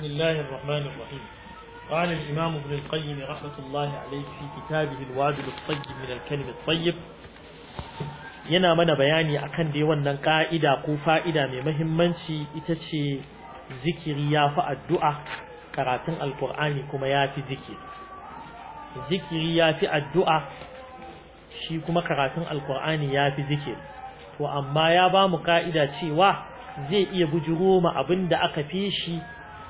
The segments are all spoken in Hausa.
بسم الله الرحمن الرحيم قال الإمام ابن yana mana bayani akan dai wannan ƙa'ida ko fa'ida mai mahimmanci ita ce zikiri ya fi addu'a karatun alkur'ani kuma ya fi zikiri zikiri ya fi addu'a shi kuma karatun alkur'ani ya fi zikiri to amma ya bamu ƙa'ida cewa zai iya bujiro abin da aka fi shi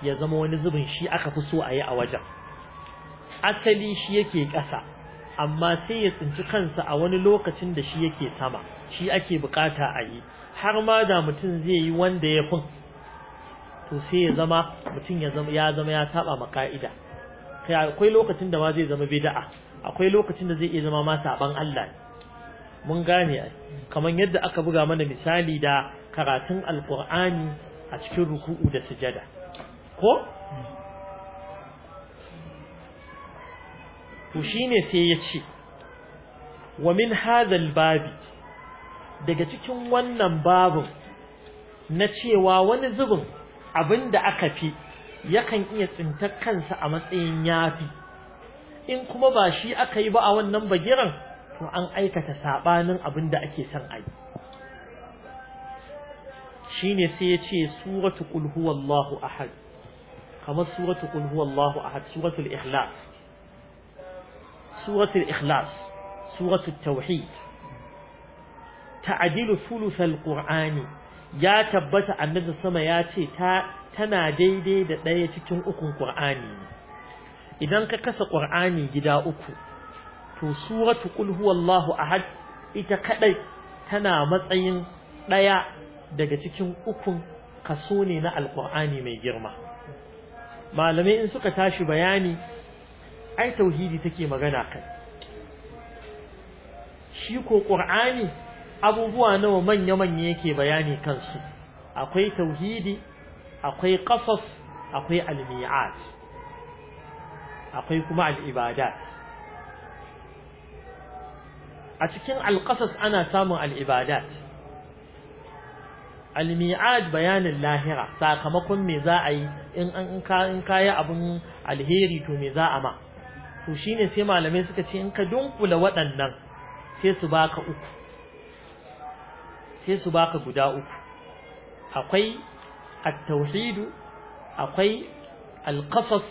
ya zama wani zubin shi aka fi so a yi a wajen asali shi yake ƙasa amma sai ya tsinci kansa a wani lokacin da shi yake sama shi ake bukata a yi har ma da mutum zai yi wanda ya fi to sai ya zama mutum ya zama ya ma ka'ida kai akwai lokacin da ma zai zama bida'a akwai lokacin da zai iya zama ma saban Allah mun gane kamar yadda aka buga mana misali da karatun Alƙur'ani a cikin ruku'u da sujada ko to shine sai ya ce wa min hadhal babi daga cikin wannan babin na cewa wani zubin abinda aka fi yakan iya tsintar kansa a matsayin yafi in kuma ba shi aka yi ba a wannan bagiran to an aikata sabanin da ake son a yi shine sai ya ce suratu qul huwallahu ahad kamar suratu qul huwallahu ahad suratul ikhlas suratul ikhlas suratul tauhid ta'dilu thuluthal qur'ani ya tabbata annabi sama ya ce ta tana daidai da ɗaya cikin ukun qur'ani idan ka kasa qur'ani gida uku to suratu qul huwallahu ahad ita kadai tana matsayin ɗaya daga cikin ukun kaso ne na alqur'ani mai girma malamai in suka tashi bayani ai tauhidi take magana kai shi ko qur'ani abubuwa nawa manya manya yake bayani kansu akwai tauhidi akwai qasas akwai al akwai kuma al a cikin al ana samun al'ibadat ibadat Almi'ad bayanin lahira sakamakon me za a yi in an in kayi abun alheri to me za a ma to shine sai malamai suka ce in ka dunkula waɗannan sai su baka uku sai su baka guda uku akwai at-tauhid akwai al-qasas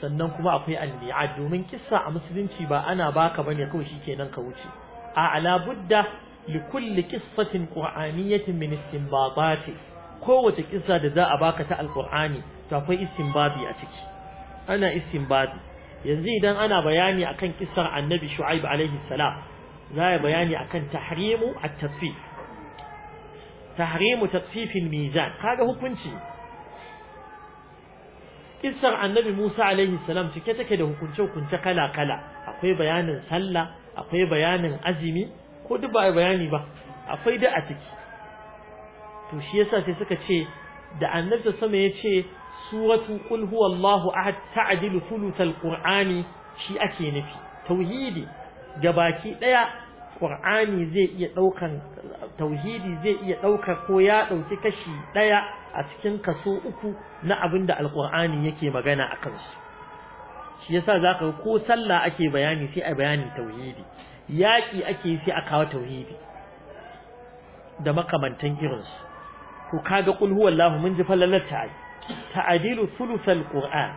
sannan kuma akwai almi'ad domin kissa a musulunci ba ana baka bane kawai shikenan ka wuce a ala budda likulli qissatin qur'aniyatin min istinbatati kowace kissa da za a baka ta alqur'ani to akwai istinbati a ciki ana istinbati yanzu idan ana bayani akan kissar annabi shu'aib alaihi salam za bayani akan tahrimu at-tasfif tahrimu tasfif al-mizan kaga hukunci kissar annabi Musa alaihi salam cike take da hukunce hukunce kala kala akwai bayanin sallah akwai bayanin azumi ko duk ba bayani ba akwai da a ciki to shi yasa sai suka ce da annabi sama ya ce suratu qul huwallahu ahad ta'dilu thuluthal qur'ani shi ake nufi tauhidi gabaki daya qur'ani zai iya daukan tauhidi zai iya dauka ko ya dauki kashi daya a cikin kaso uku na abinda alqur'ani yake magana akan shi shi yasa zaka ko sallah ake bayani sai a bayani tauhidi yaƙi ake yi sai a kawo tauhidi da makamantan irinsu to kaga qul huwallahu mun ji falalar ta ta'dilu thuluthal qur'an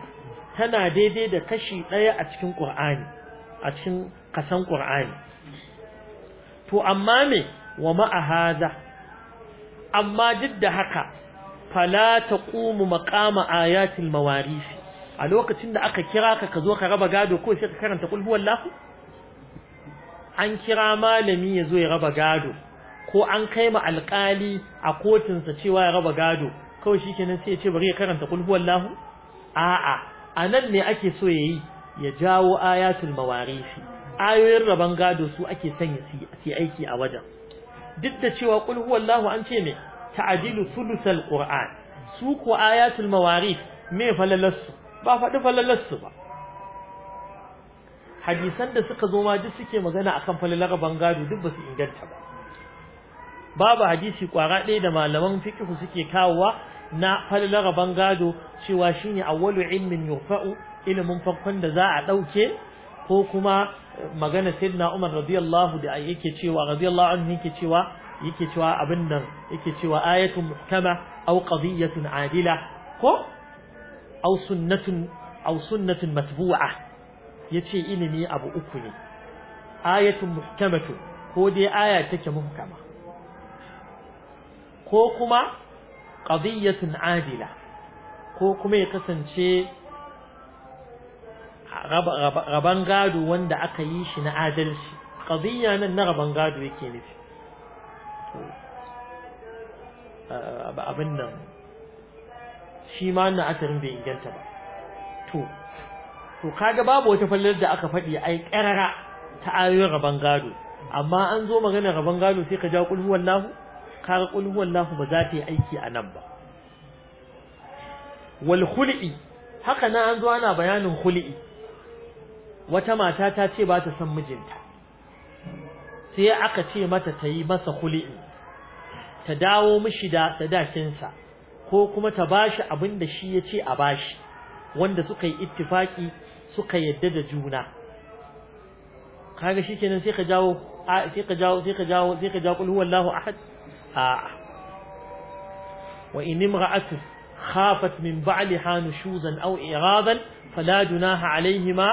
tana daidai da kashi daya a cikin qur'ani a cikin kasan qur'ani to amma me wa ma hadha amma duk da haka fala taqumu maqama ayatil mawarisi a lokacin da aka kira ka ka zo ka raba gado ko sai ka karanta qul huwallahu an kira malami ya zo ya raba gado ko an kai ma alƙali a kotunsa cewa ya raba gado kawai shi kenan sai ya ce bari ya karanta kul Wallahu? a'a a nan ne ake so ya yi ya jawo ayatul mawarisi ayoyin raban gado su ake son ya yi aiki a wajen duk da cewa kul Wallahu an ce ne ta'dilu thuluthal qur'an su ko ayatul mawarif me falalarsu ba faɗi falalarsu ba hadisan da suka zo ma duk suke magana akan falalar gado duk ba su inganta ba babu hadisi kwara ɗaya da malaman fiqh suke kawowa na falalar gado cewa shine awwalu ilmin yufa'u ilimin farkon da za a ɗauke ko kuma magana sayyidina Umar radiyallahu da yake cewa radiyallahu anhu yake cewa yake cewa abin nan yake cewa ayatun muhkama aw qadiyyatun adila ko aw sunnatun aw sunnatun matbu'a yace ilimi abu uku ne ayatun muhkamatu ko dai aya take muhkama ko kuma qadiyatun adila ko kuma ya kasance raban gado wanda aka yi shi na adalci qadiyya nan na raban gado yake nufi eh, abin nan shi ma na atarin bai inganta ba to to kaga babu wata fallar da aka faɗi ai ƙarara ta ayoyin rabon gado amma an zo magana rabon gado sai ka ja kulhu wallahu kaga kulhu wallahu ba za ta yi aiki a nan ba wal khul'i haka na an zo ana bayanin khul'i wata mata ta ce ba ta san mijinta sai aka ce mata ta yi masa khul'i ta dawo mishi da sadakinsa ko kuma ta bashi abin da shi ya ce a bashi wanda suka yi ittifaki suka yadda da juna kaga shikenan sai ka jawo sai ka jawo sai ka jawo sai ka jawo qul huwallahu ahad a wa in imra'atu khafat min ba'li ba'liha shuzan aw iradan fala junaha alayhima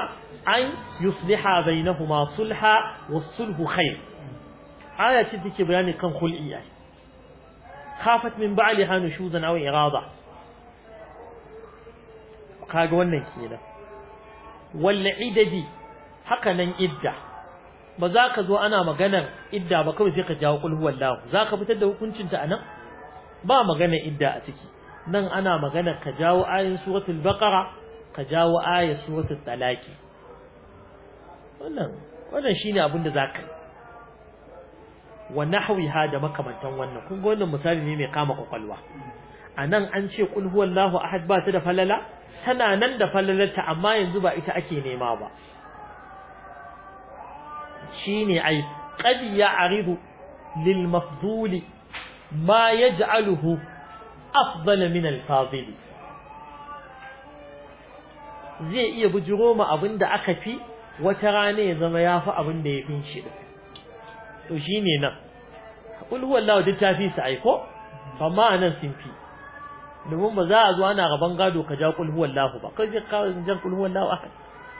ay yusliha bainahuma sulha wasulhu khair aya ce take bayani kan khul'i khafat min ba'li ba'liha shuzan aw iradan kaga wannan kenan wal idadi haka nan idda ba za ka zo ana maganar idda ba kawai sai ka jawo kul Lahu, za ka fitar da hukuncin ta anan ba magana idda a ciki nan ana maganar ka jawo ayin suratul baqara ka jawo ayat suratul talaki. wannan wannan shine abin da zaka wa nahwiha da makamantan wannan kun ga wannan misali ne mai kama kwakwalwa anan an ce kul Lahu ahad ba ta da falala tana nan da falalarta amma yanzu ba ita ake nema ba ne ai ya ya'ridu lil mafduli ma yaj'aluhu afdala min al zai iya bujiro ma abinda aka fi wata rana ya zama abin da ya fin shi to shine nan qul huwallahu ta fi su aiko ba ma nan sun fi domin ba za a zo ana gaban gado ka ja kulhuwan lahu ba kai ka ja kulhuwan lahu ahad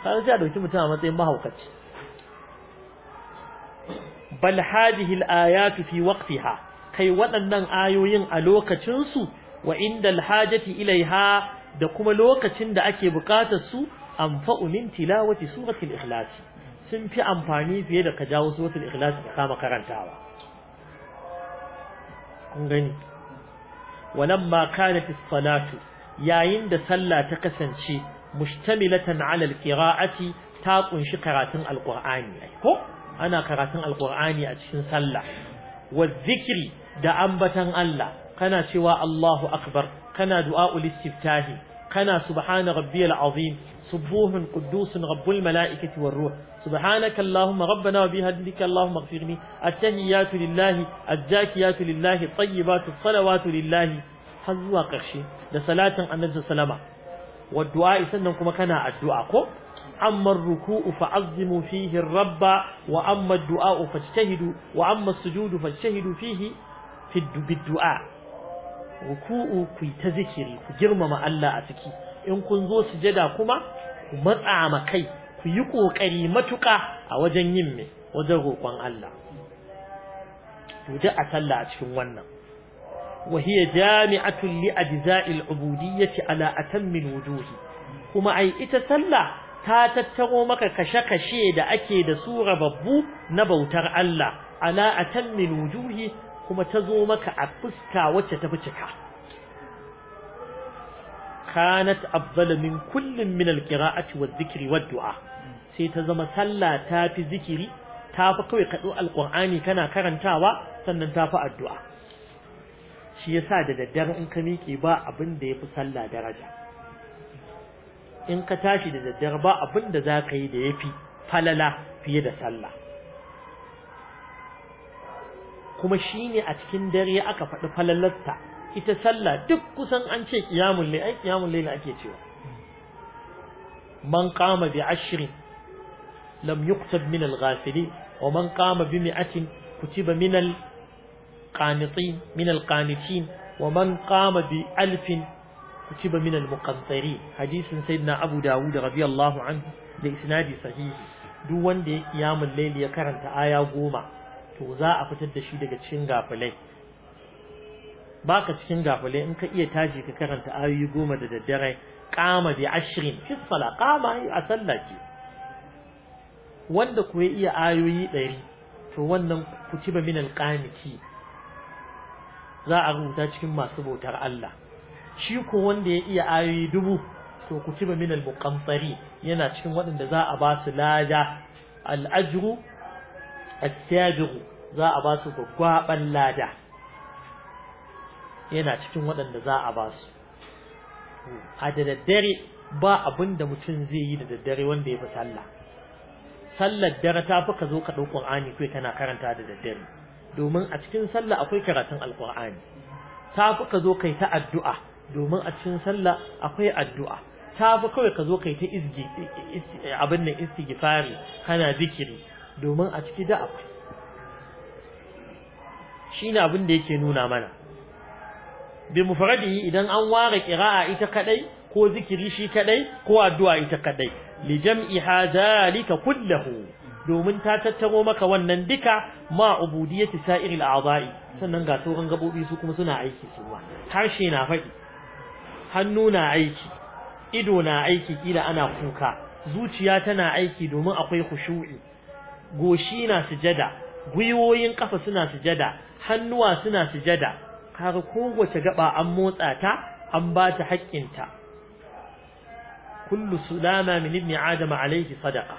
ka ga dauki mutum a matsayin mahaukaci bal hadhihi al-ayatu fi waqtiha kai waɗannan ayoyin a lokacin su wa inda al-hajati ilaiha da kuma lokacin da ake bukatar su amfa'u min tilawati surati al-ikhlas sun fi amfani fiye da ka jawo suratul ikhlas ka kama karantawa kun gani walamma kanat da salatu yayin da sallah ta kasance mustamilatan ala al-qira'ati ta ƙunshi karatun alqur'ani ko ana karatun alqur'ani a cikin sallah wa zikri da ambatan Allah kana cewa Allahu akbar kana du'a ul kana subhana rabbiyal azim subuhun quddusun rabbul malaikati war ruh subhanaka allahumma rabbana wa bihamdika allahumma ighfirli at-tahiyatu lillahi az-zakiyatu lillahi tayyibatu salawatu lillahi har zuwa ƙarshe da salatin annabi salama. wa du'a sannan kuma kana addu'a ko أما الركوع فعظموا فيه du'a وأما الدعاء فاجتهدوا وأما sujudu فاجتهدوا fihi في بالدعاء ruku'u ku ta zikiri ku girmama Allah a ciki in kun zo sujada kuma ku matsa ma kai ku yi kokari matuka a wajen yin me wajen roƙon Allah to da a sallah a cikin wannan wa hiya jami'atun li ajza'il ubudiyyati ala atammin wujuhi kuma ai ita sallah ta tattaro maka kashe-kashe da ake da su rababbu na bautar Allah ala atammin wujuhi kuma ta zo maka a fuska wacce ta fi cika kanat afdal min kullin min alqira'ati wadh-dhikri wad-du'a sai ta zama sallah ta fi zikiri ta fi kawai kado alqur'ani kana karantawa sannan ta fi addu'a shi yasa da daddare in ka miƙe ba abin da yafi sallah daraja in ka tashi da daddare ba abin da zaka yi da yafi falala fiye da sallah kuma shine a cikin dare aka faɗi falalarta ita sallah duk kusan an ce qiyamul layl ai qiyamul ake cewa man qama bi ashrin lam yuqtab min al-ghafilin wa man qama bi mi'atin kutiba min al-qanitin min al-qanitin wa man qama bi alfin kutiba min al-muqantirin hadisin sayyidina abu dawud radiyallahu anhu da isnadi sahihi duk wanda ya qiyamul layl ya karanta aya goma to za a fitar da shi daga cikin gafilai baka cikin gafilai in ka iya taji ka karanta ayoyi goma da daddare qama bi ashrin fi sala qama a sallah wanda ku iya ayoyi ɗari to wannan ku ci ba minan qaniki za a rubuta cikin masu bautar Allah shi ko wanda ya iya ayoyi dubu to ku ci ba minan bukamfari yana cikin waɗanda za a ba su lada al attabi'u za a ba su gwaban lada yana cikin waɗanda za a ba su a da daddare ba abin mutum zai yi da daddare wanda ya fi sallah sallar dare ta fi ka zo ka ƙur'ani kai kana karanta da daddare domin a cikin sallah akwai karatun alƙur'ani ta fi ka zo kai ta addu'a domin a cikin sallah akwai addu'a ta fi kawai ka zo kai ta izgi abin nan istighfari kana zikiri domin a ciki da akwai Shi na abin da yake nuna mana bi idan an ware qira'a ita kadai ko zikiri shi kadai ko addu'a ita kadai li jam'i kulle kullahu domin ta tattaro maka wannan duka ma ubudiyyati sa'iril a'dha'i sannan ga sauran gabobi su kuma suna aiki su harshe na faɗi hannu na aiki ido na aiki kila ana kuka zuciya tana aiki domin akwai khushu'i goshi na sujada gwiwoyin kafa suna sujada hannuwa suna sujada kaga kowace gaba an motsa ta an ba ta ta kullu sulama min ibni adam alayhi sadaqa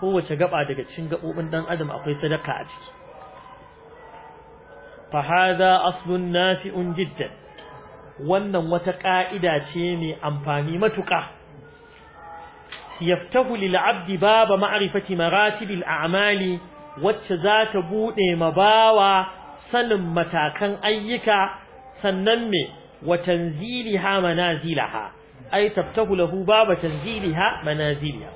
kowace gaba daga cikin gabobin dan adam akwai sadaka a ciki fa hadha aslun nafi'un jiddan wannan wata ka'ida ce mai amfani matuƙa yaftahu lil abdi baba ma'rifati maratibil a'mali wacce zata buɗe bude mabawa sanin matakan ayyuka sannan me wa tanziliha manazilaha ay taftahu baba tanziliha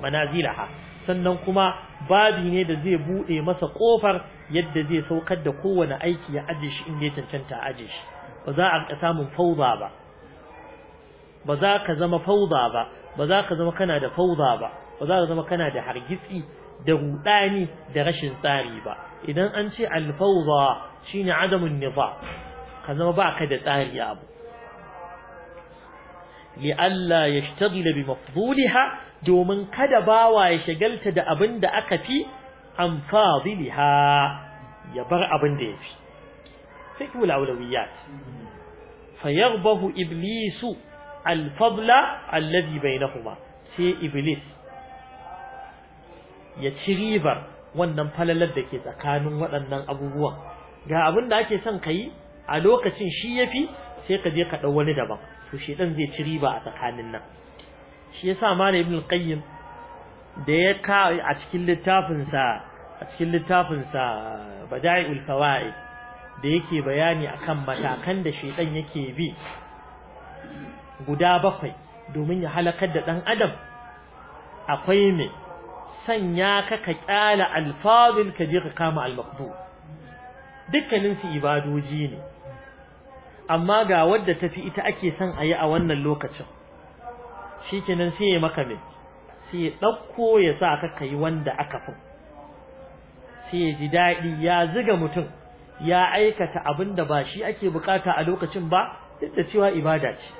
manazilaha sannan kuma babi ne da zai buɗe masa ƙofar yadda zai saukar da kowane aiki ya aje in inda ya cancanta aje shi ba za a samun fauda ba ba za ka zama fauza ba ba za ka zama kana da fauza ba ba za ka zama kana da hargitsi da rudani da rashin tsari ba idan an ce alfauza shine adamun nifa ka zama ka da tsari abu ya yashtagila bi mafdulha domin kada bawa ya shagalta da abin da aka fi an fadilha ya bar abin da yafi fiqhul Fa fayarbahu iblisu alfabla allazi bainahuma sai iblis ya ci ribar wannan falalar da ke tsakanin waɗannan abubuwan ga abin da ake son ka a lokacin shi yafi sai ka je ka dau wani daban to ɗan zai ci riba a tsakanin nan shi yasa sa mana ibn qayyim da ya ka a cikin littafinsa a cikin sa bada'iul fawaid da yake bayani akan matakan da shaitan yake bi guda bakwai domin ya halakar da ɗan adam akwai mai sanya ka ka kyala alfadil ka je ka kama almakbu Dukkaninsu ibadoji ne amma ga wadda tafi ita ake son a yi a wannan lokacin shikenan sai ya maka mai sai ya ɗauko ya sa ka yi wanda aka fi sai ya ji daɗi ya ziga mutum ya aikata abin da ba shi ake bukata a lokacin ba duk da cewa ibada ce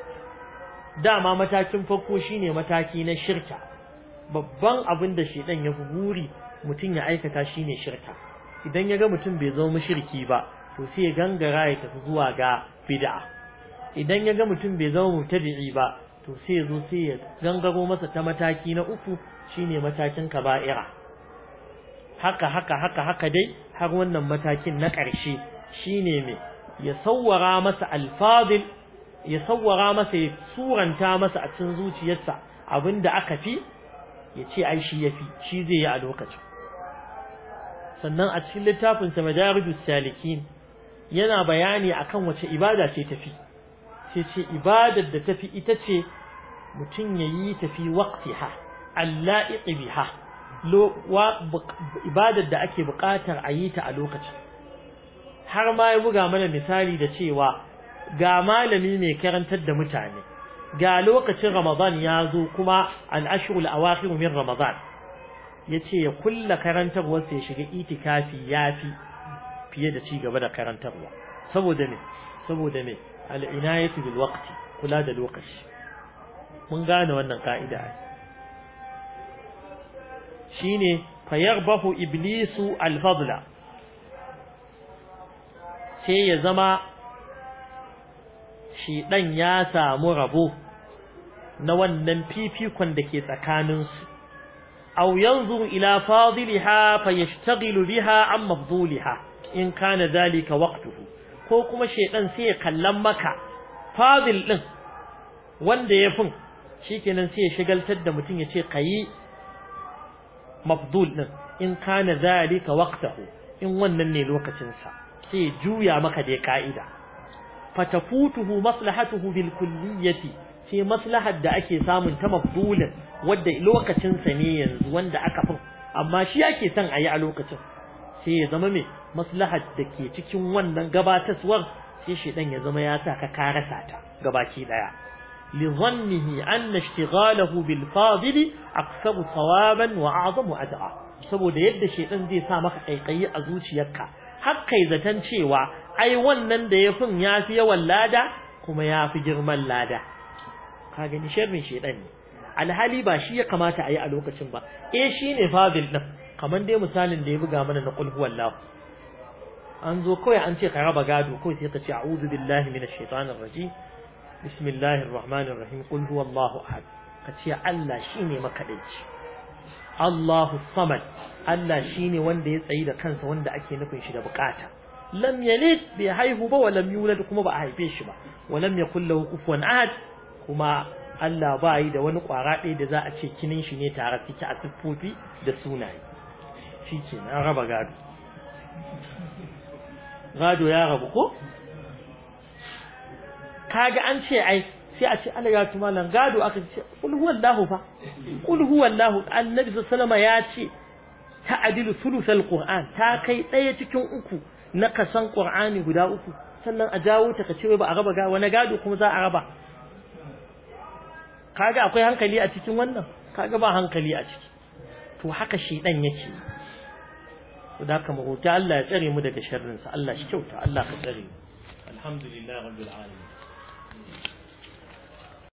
dama matakin farko shine mataki na shirka babban abin da shedan ya guguri mutum ya aikata shine shirka idan ya ga mutum bai zo mushriki ba to sai ya gangara ya tafi zuwa ga bid'a idan ya ga mutum bai zama mubtadi'i ba to sai ya zo sai ya gangaro masa ta mataki na uku shine matakin kaba'ira haka haka haka haka dai har wannan matakin na ƙarshe shine me ya sawwara masa alfadil ya sawara masa ya suranta masa a cikin zuciyarsa abinda aka fi ya ce ai shi yafi shi zai yi a lokacin sannan a cikin littafin sa madarijus salikin yana bayani akan wace ibada ce tafi sai ce ibadar da tafi ita ce mutum yayi tafi waqtiha allaiqi biha ibadar da ake buƙatar a yi ta a lokacin har ma ya buga mana misali da cewa ga malami mai karantar da mutane ga lokacin Ramadan ya zo kuma al-ashrul awakhir min Ramadan yace ya kulla karantarwar sai shiga itikafi yafi fiye da ci gaba da karantarwa saboda me saboda me al bil waqti kula da lokaci mun gane wannan ka'ida shine fayarbahu iblisu al-fadla sai ya zama shi ɗan ya samu rabo na wannan fifikon da ke tsakaninsu aw yanzu ila fadiliha fa yashtaghilu biha an mafduliha in kana zalika waqtuhu ko kuma shedan sai ya kallan maka fadil ɗin, wanda ya fin shikenan sai ya shigaltar da mutum ya ce kayi mafdul din in kana zalika waqtahu in wannan ne lokacinsa sa sai juya maka dai ka'ida fatafutuhu maslahatuhu bil kulliyati sai maslahar da ake samun ta mafdulin wanda lokacin sa ne yanzu wanda aka fi amma shi yake son yi a lokacin sai ya zama me maslahar da ke cikin wannan gabataswar sai shedan ya zama ya sa ka karasa ta gabaki daya li zannihi anna ishtighalahu bil fadil aksabu thawaban wa a'zamu ajra saboda yadda shedan zai sa maka kaikayi a zuciyarka har kai zaton cewa ai wannan da ya fin ya fi yawan lada kuma ya fi girman lada ka gani sharrin shaidan ne alhali ba shi ya kamata a yi a lokacin ba eh shi ne fabil ɗin kamar dai misalin da ya buga mana na ƙulhu wallahu an zo kawai an ce ka raba gado kawai sai ka ce a'udhu billahi minash bismillahir rahmanir rahim qul huwallahu ahad ka ce Allah ne makadaici Allahu samad Allah shi ne wanda ya tsayi da kansa wanda ake nufin shi da bukata lam yalid bai haihu ba wa lam yulad kuma ba a haife shi ba wa lam yakul lahu kufuwan ahad kuma Allah ba yi da wani kwara ɗaya da za a ce kinin shi ne tare fiki a siffofi da sunaye shi na raba gado gado ya rabu ko kaga an ce ai sai a ce Allah ya tuma lan gado aka ce kul huwallahu fa kul huwallahu annabi sallallahu alaihi wasallam ya ce ta'dilu thuluthal qur'an ta kai ɗaya cikin uku na kasan Qur'ani guda uku sannan a jawo ta kace ba a raba ga wani gado kuma za a raba kaga akwai hankali a cikin wannan kaga ba hankali a ciki to haka ɗan yake da ka mu Allah ya tsare mu daga sharrin sa Allah shi kyauta Allah ka tsare mu alhamdulillah rabbil alamin